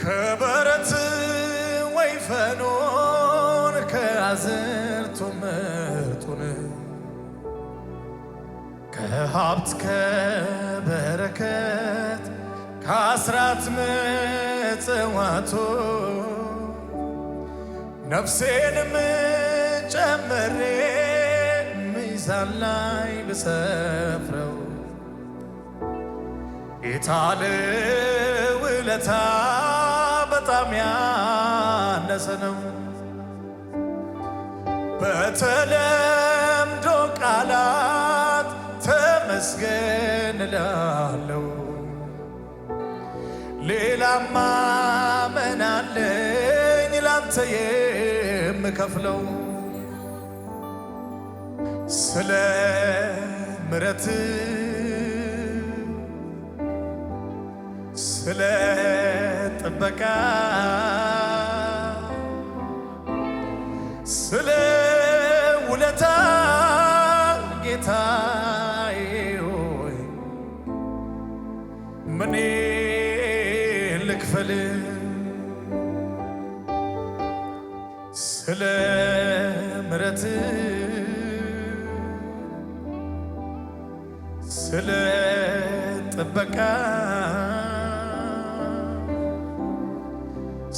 ከበረት ወይፈኖን ከአዝርቱ ምርቱን ከሀብት ከበረከት ከአስራት ምጽዋቱ ነፍሴንም ጨምሬ ሚዛን ላይ ብሰፍረው የታለ ውለታ ከአብርሃም ያነሰ ነው። በተለምዶ ቃላት ተመስገን እላለሁ። ሌላማ ምን አለኝ ላንተ የምከፍለው ስለ ምረት ስለ ጥበቃ ስለ ውለታ ጌታዬ ሆይ ምን ልክፈል ስለ ምረት ስለ ጥበቃ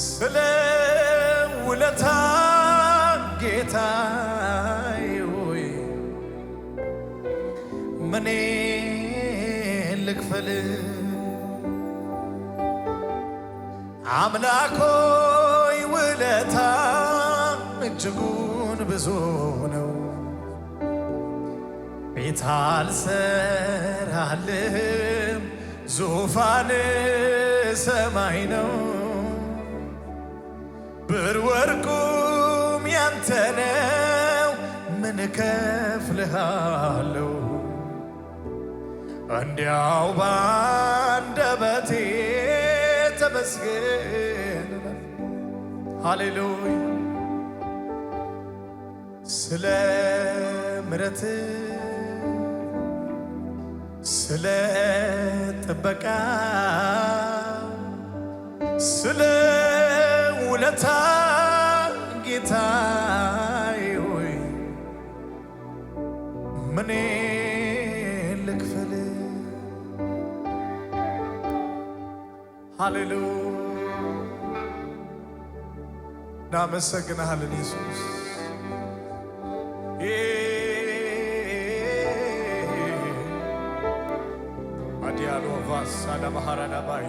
ስለ ውለታ ጌታዬ ሆይ ምኔ ልክፈል አምላኮይ ውለታ እጅጉን ብዙ ነው። ቤት አልሰራልም ዙፋን ሰማይ ነው። ብር ወርቁም ያንተ ነው፣ ምን ከፍልሃለሁ? እንዲያው ባንደበቴ ተመስገን። ሃሌሉያ ስለ ምረት ስለ ጥበቃ ስለ ውለታ ጌታዬ ሆይ ምኔ ልክፈል? ሃሌሉያ እናመሰግንሃለን ኢየሱስ አዲያሎ ቫስ አዳባሃራዳባይ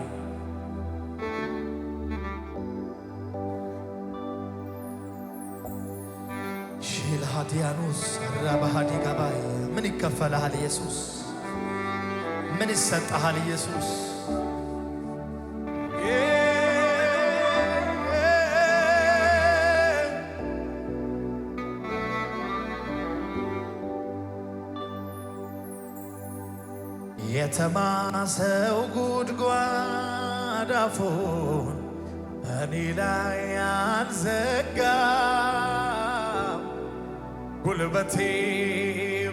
ዳኖስ ረባሃዲ ገባይ ምን ይከፈልሃል ኢየሱስ? ምን ይሰጠሃል ኢየሱስ? የተማሰው ጉድጓድ አፉን እኔ ላይ አንዘጋ ጉልበቴ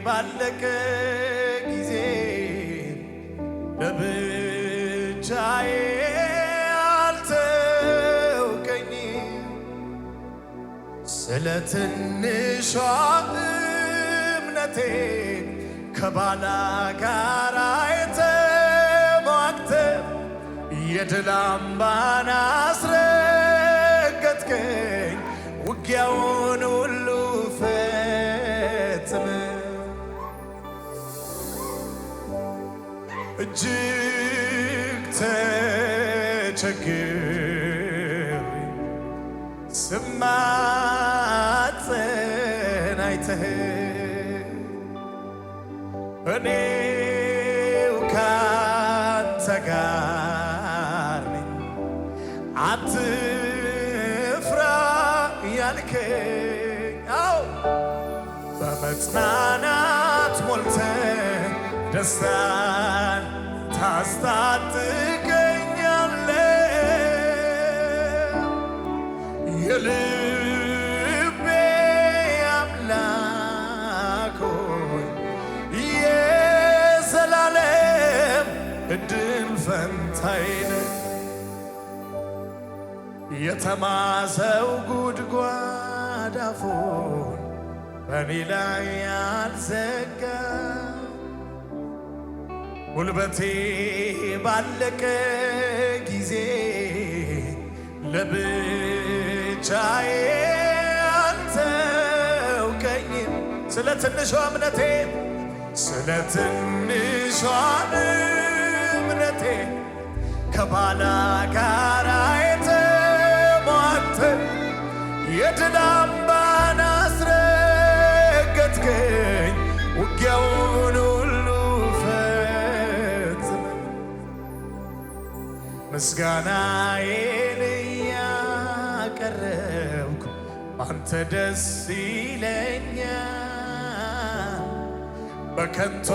ባለቀ ጊዜ ለብቻዬ አልተውከኝ ስለ ትንሿ እምነቴ ከባላጋራ የተሟግተ የድል አምባን አስረገጥከኝ ውጊያውን እጅግ ተቸግሬ ስማጸን አይተህ እኔው ካንተ ጋር ነኝ አትፍራ ያልከኝ አው በመጽናናት ሞልተህ ደስታን ታስታጥቀኛለ የልቤ አምላክ ሆይ የዘላለም እድል ፈንታዬ የተማሰው ጉድጓድ አፉን በኔ ላይ አልዘጋ ጉልበቴ ባለቀ ጊዜ ለብቻዬ አንተው ስለ ትንሿ እምነቴ ስለ ትንሿ እምነቴ ከባላ ጋራ የተሟተ የድላ ምስጋናዬን ያቀረብኩ አንተ ደስ ይለኛ በከንቱ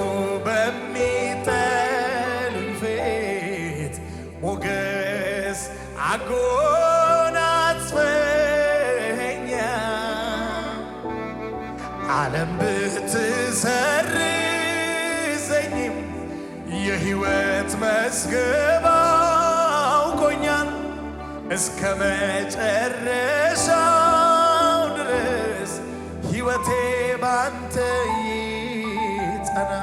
በሚጠሉኝ ፊት ሞገስ አጎናጽፈኛ ዓለም ብትሰርዘኝም የሕይወት መዝገባ እስከ መጨረሻው ድረስ ሕይወቴ ባንተ ይጸና።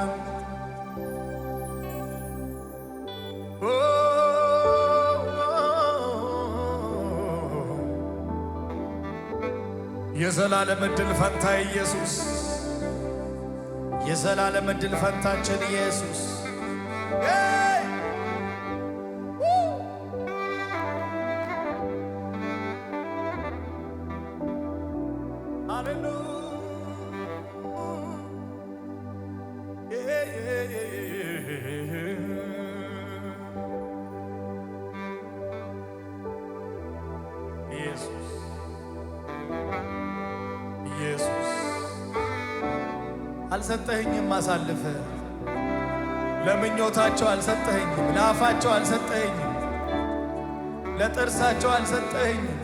የዘላለም ዕድል ፈንታ ኢየሱስ፣ የዘላለም ዕድል ፈንታችን ኢየሱስ አልሰጠኸኝም አሳልፈ ለምኞታቸው አልሰጠኸኝም፣ ለአፋቸው አልሰጠኸኝም፣ ለጥርሳቸው አልሰጠኸኝም።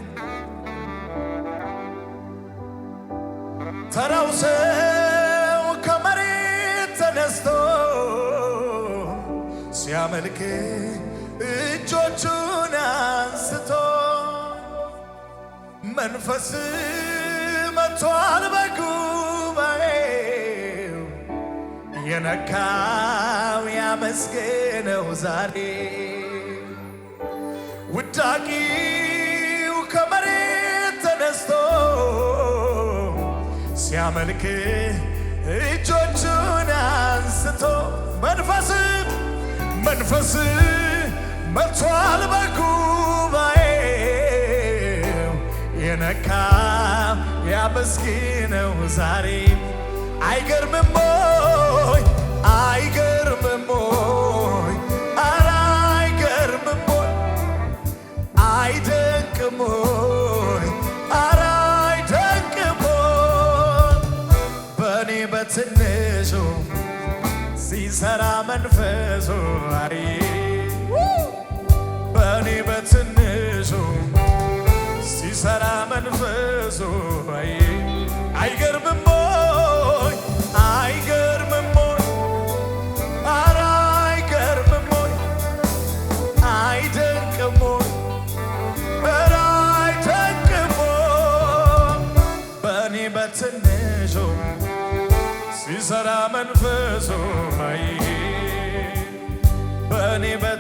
ሲያመልክ እጆቹን አንስቶ መንፈስ መቷል በጉባኤው የነካው ያመስገነው ዛሬ ውዳቂው ከመሬት ተነስቶ ሲያመልክ እጆቹን አንስቶ መንፈስ መንፈስ መጥቷል በጉባኤ የነካ ያመስግነው ዛሬ አይገርምም ወይ? ሲሰራ መንፈሱ አይ በእኔ በትንሹ ሲሰራ መንፈሱ አይ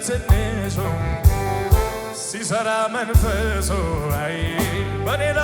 በትንሹ ሲሰራ መንፈሱ አይ በሌላ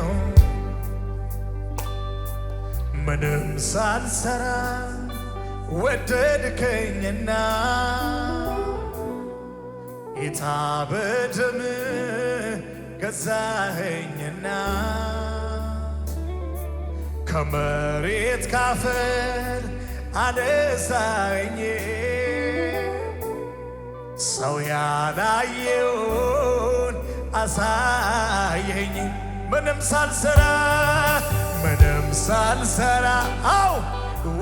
ነው ምንም ሳልሰራ ወደድከኝና ጌታ በደም ገዛኸኝና ከመሬት ካፈር አነሳኝ ሰው ያላየውን አሳየኝ ምንም ሳልሰራ ምንም ሳልሰራ አው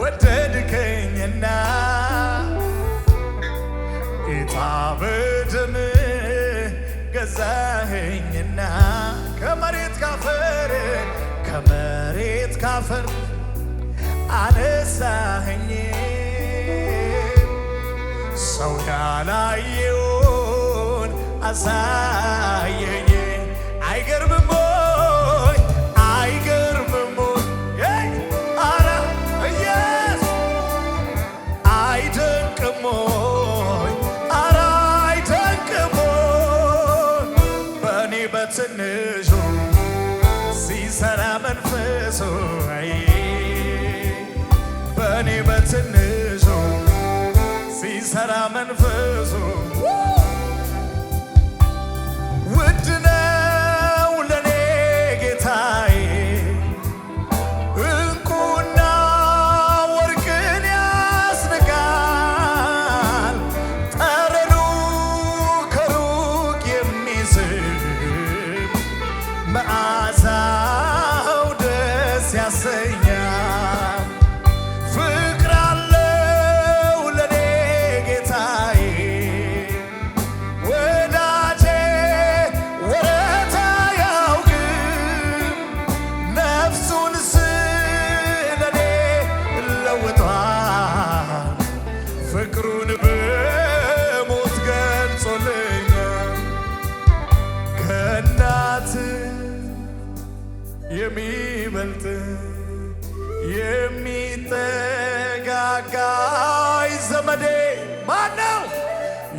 ወደድከኝና ጌታ በደም ገዛኸኝና ከመሬት ካፈር ከመሬት ካፈር አነሳኸኝ ሰው ያላየውን አሳየኝ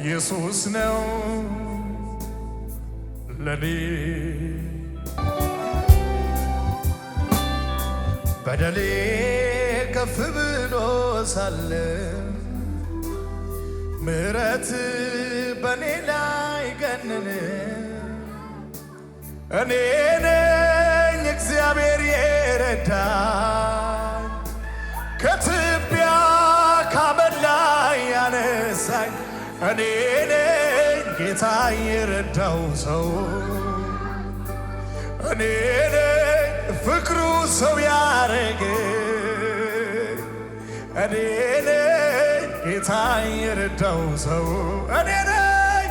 ኢየሱስ ነው ለኔ በደሌ ከፍ ብሎ ሳለ ምሕረት በኔ ላይ ገነነ። እኔ ነኝ እግዚአብሔር የረዳኝ ከትቢያ ካመድ ላይ ያነሳኝ እኔ ነኝ ጌታ የረዳው ሰው እኔ ነኝ ፍቅሩ ሰው ያረገ እኔ ነኝ ጌታ የረዳው ሰው እኔ ነኝ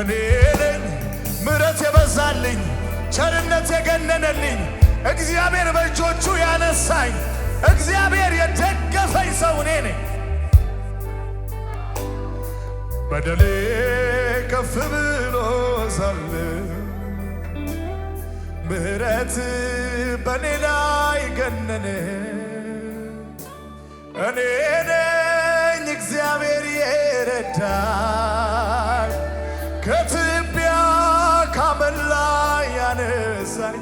እኔ ነኝ ምሕረት የበዛልኝ ቸርነት የገነነልኝ እግዚአብሔር በእጆቹ ያነሳኝ እግዚአብሔር የደገፈኝ ሰው እኔ ነኝ። በደሌ ከፍ ብሎ ሳለ ምሕረት በኔ ላይ ገነነ። እኔ ነኝ እግዚአብሔር የረዳኝ ከትቢያ ካመላ ላይ ያነሳኝ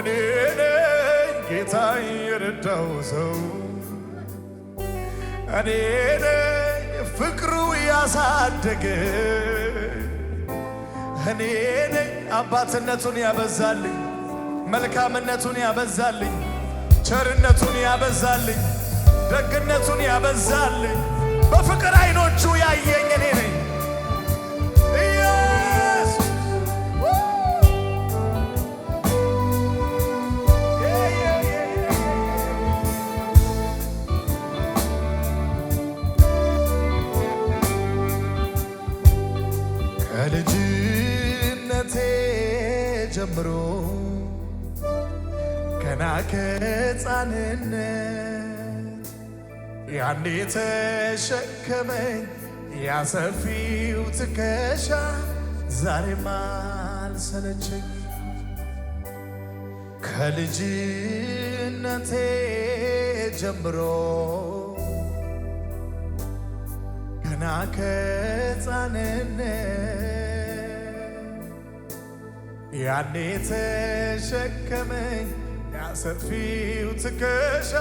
እኔ ነኝ ጌታ የረዳው ሰው እኔ ፍቅሩ ያሳደገ እኔ አባትነቱን ያበዛልኝ፣ መልካምነቱን ያበዛልኝ፣ ቸርነቱን ያበዛልኝ፣ ደግነቱን ያበዛልኝ። በፍቅር አይኖቹ ያየኝ እኔ ነኝ። ከልጅነቴ ጀምሮ ገና ከሕፃንነት ያኔ ተሸከመኝ ያሰፊው ትከሻ ዛሬም አልሰለቸኝ። ከልጅነቴ ጀምሮ ገና ከሕፃንነት ያኔ የተሸከመኝ ያሰፊው ትከሻ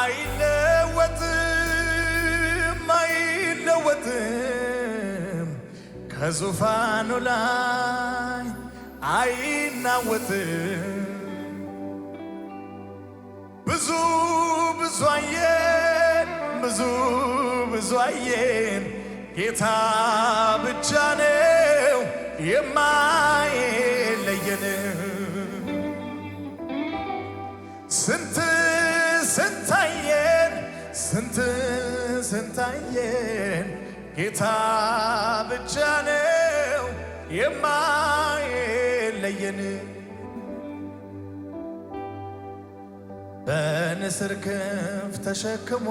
አይለወጥም አይለወጥም ከዙፋኑ ላይ አይናወጥም ብዙ ብዙ አየ ብዙ ብዙ አየን። ጌታ ብቻ ነው የማይለየን። ስንት አየን፣ ስንት አየን። ጌታ ብቻ ነው የማይለየን በንስር ክንፍ ተሸክሞ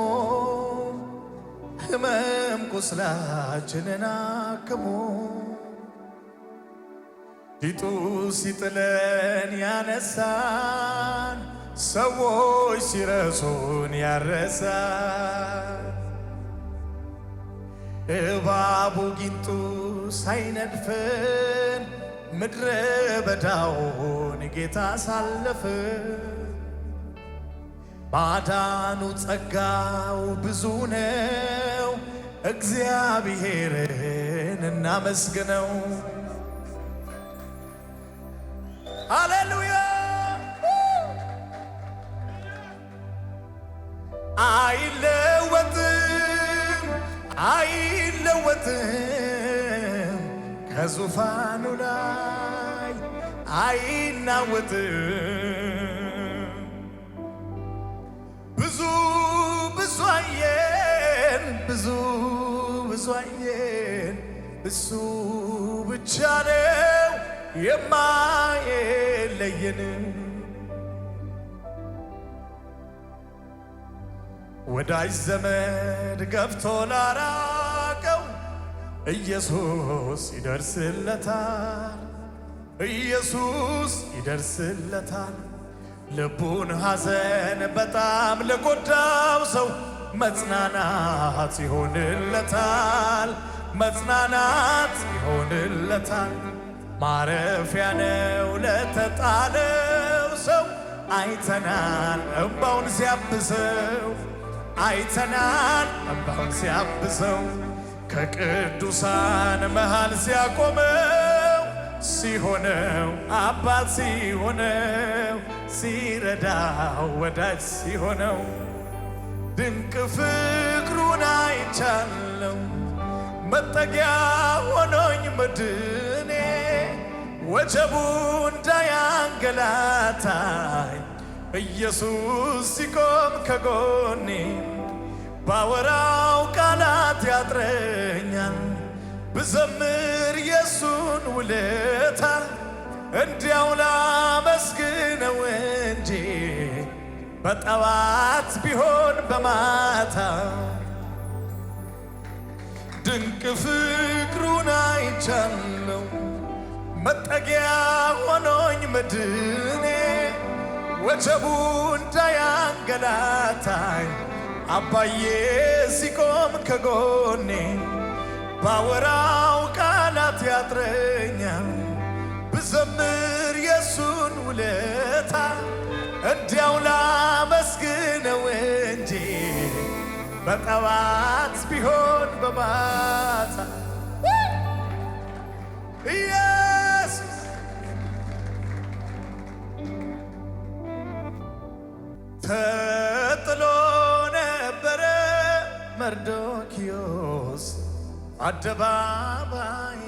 ህመም ቁስላችንን አክሞ ፊቱ ሲጥለን ያነሳን ሰዎች ሲረሱን ያረሳን እባቡ ጊንጡ ሳይነድፍን ምድረ በዳውን ጌታ አሳለፈን። ማዳኑ ጸጋው ብዙ ነው። እግዚአብሔርን እናመስግነው። አሌሉያ አይለወጥም፣ አይለወጥም ከዙፋኑ ላይ አይናወጥም ብዙ ብዙ አየን ብዙ ብዙ አየን እሱ ብቻ ነው የማይለየን ወዳጅ ዘመድ ገብቶ ላራቀው ኢየሱስ ይደርስለታል ኢየሱስ ይደርስለታል ልቡን ሐዘን በጣም ለጎዳው ሰው መጽናናት ይሆንለታል፣ መጽናናት ይሆንለታል። ማረፊያ ነው ለተጣለው ሰው አይተናል እምባውን ሲያብሰው አይተናል እምባውን ሲያብሰው ከቅዱሳን መሃል ሲያቆመው ሲሆነው አባት ሲሆነው ሲረዳው ወዳጅ ሲሆነው ድንቅ ፍቅሩን አይቻለው። መጠጊያ ሆኖኝ መድኔ! ወጀቡ እንዳያንገላታኝ ኢየሱስ ሲቆም ከጎኔ ባወራው ቃላት ያጥረኛል ብዘምር የሱን ውለታ እንዲያው ላመስግነው እንጂ በጠዋት ቢሆን በማታ ድንቅ ፍቅሩን አይቻለው መጠጊያ ሆኖኝ መድኔ ወጀቡ እንዳያንገላታኝ አባዬ ሲቆም ከጎኔ ባወራው ቃላት ያጥረኛል ውለታ እንዲያው ላመስግነው እንጂ በጠዋት ቢሆን በማታ ኢየሱስ ተጥሎ ነበረ መርዶኪዮስ አደባባይ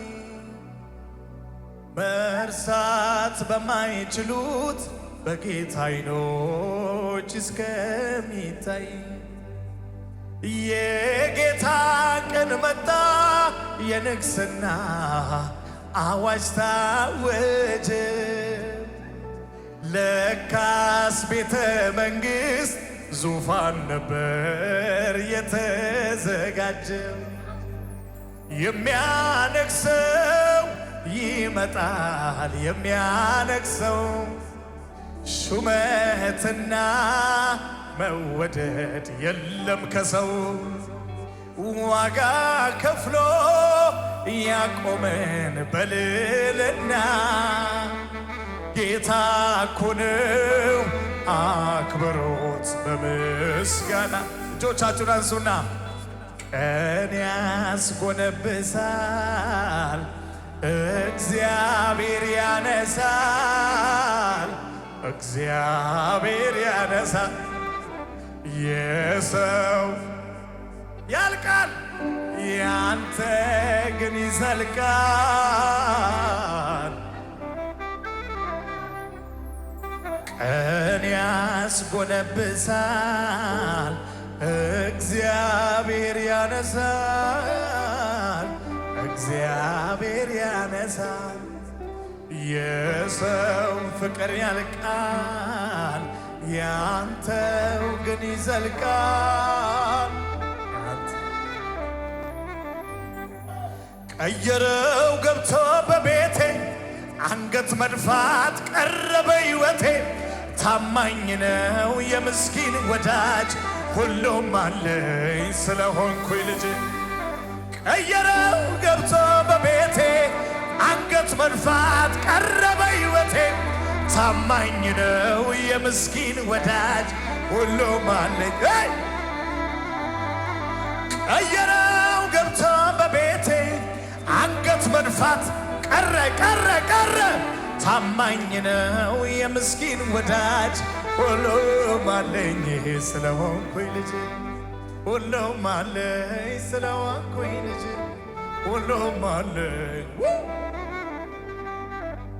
መርሳት በማይችሉት በጌታ አይኖች እስከሚታይ የጌታ ቀን መጣ፣ የንግስና አዋጅ ታወጀ። ለካስ ቤተ መንግስት ዙፋን ነበር የተዘጋጀ የሚያነግሰው ይመጣል የሚያነግሰው ሹመትና መወደድ የለም ከሰው ዋጋ ከፍሎ ያቆመን በልልና ጌታ እኮ አክብሮት በምስጋና እጆቻችሁን አንሱና ቀን ያስጎነብሳል እግዚአብሔር ያነሳል፣ እግዚአብሔር ያነሳል። የሰው ያልቃል፣ ያንተ ግን ይዘልቃል። ቀን ያስጎነብሳል፣ እግዚአብሔር ያነሳል እግዚአብሔር ያነሳል፣ የሰው ፍቅር ያልቃል፣ ያንተው ግን ይዘልቃል። ቀየረው ገብቶ በቤቴ አንገት መድፋት ቀረበ ሕይወቴ። ታማኝ ነው የምስኪን ወዳጅ ሁሉም አለኝ ስለሆንኩኝ ልጅ ቀየረው ገብቶ በቤቴ አንገት መንፋት ቀረበ ሕይወቴ። ታማኝ ነው የምስኪን ወዳጅ ሁሉ ማለኝ ቀየረው ገብቶ በቤቴ አንገት መድፋት ቀረ ቀረ ቀረ ታማኝ ነው የምስኪን ወዳጅ ሁሉ ማለኝ ስለሆንኩኝ ልጅ ሁሉም አለኝ ስለዋንኩኝ ልጅ ሁሉም አለኝ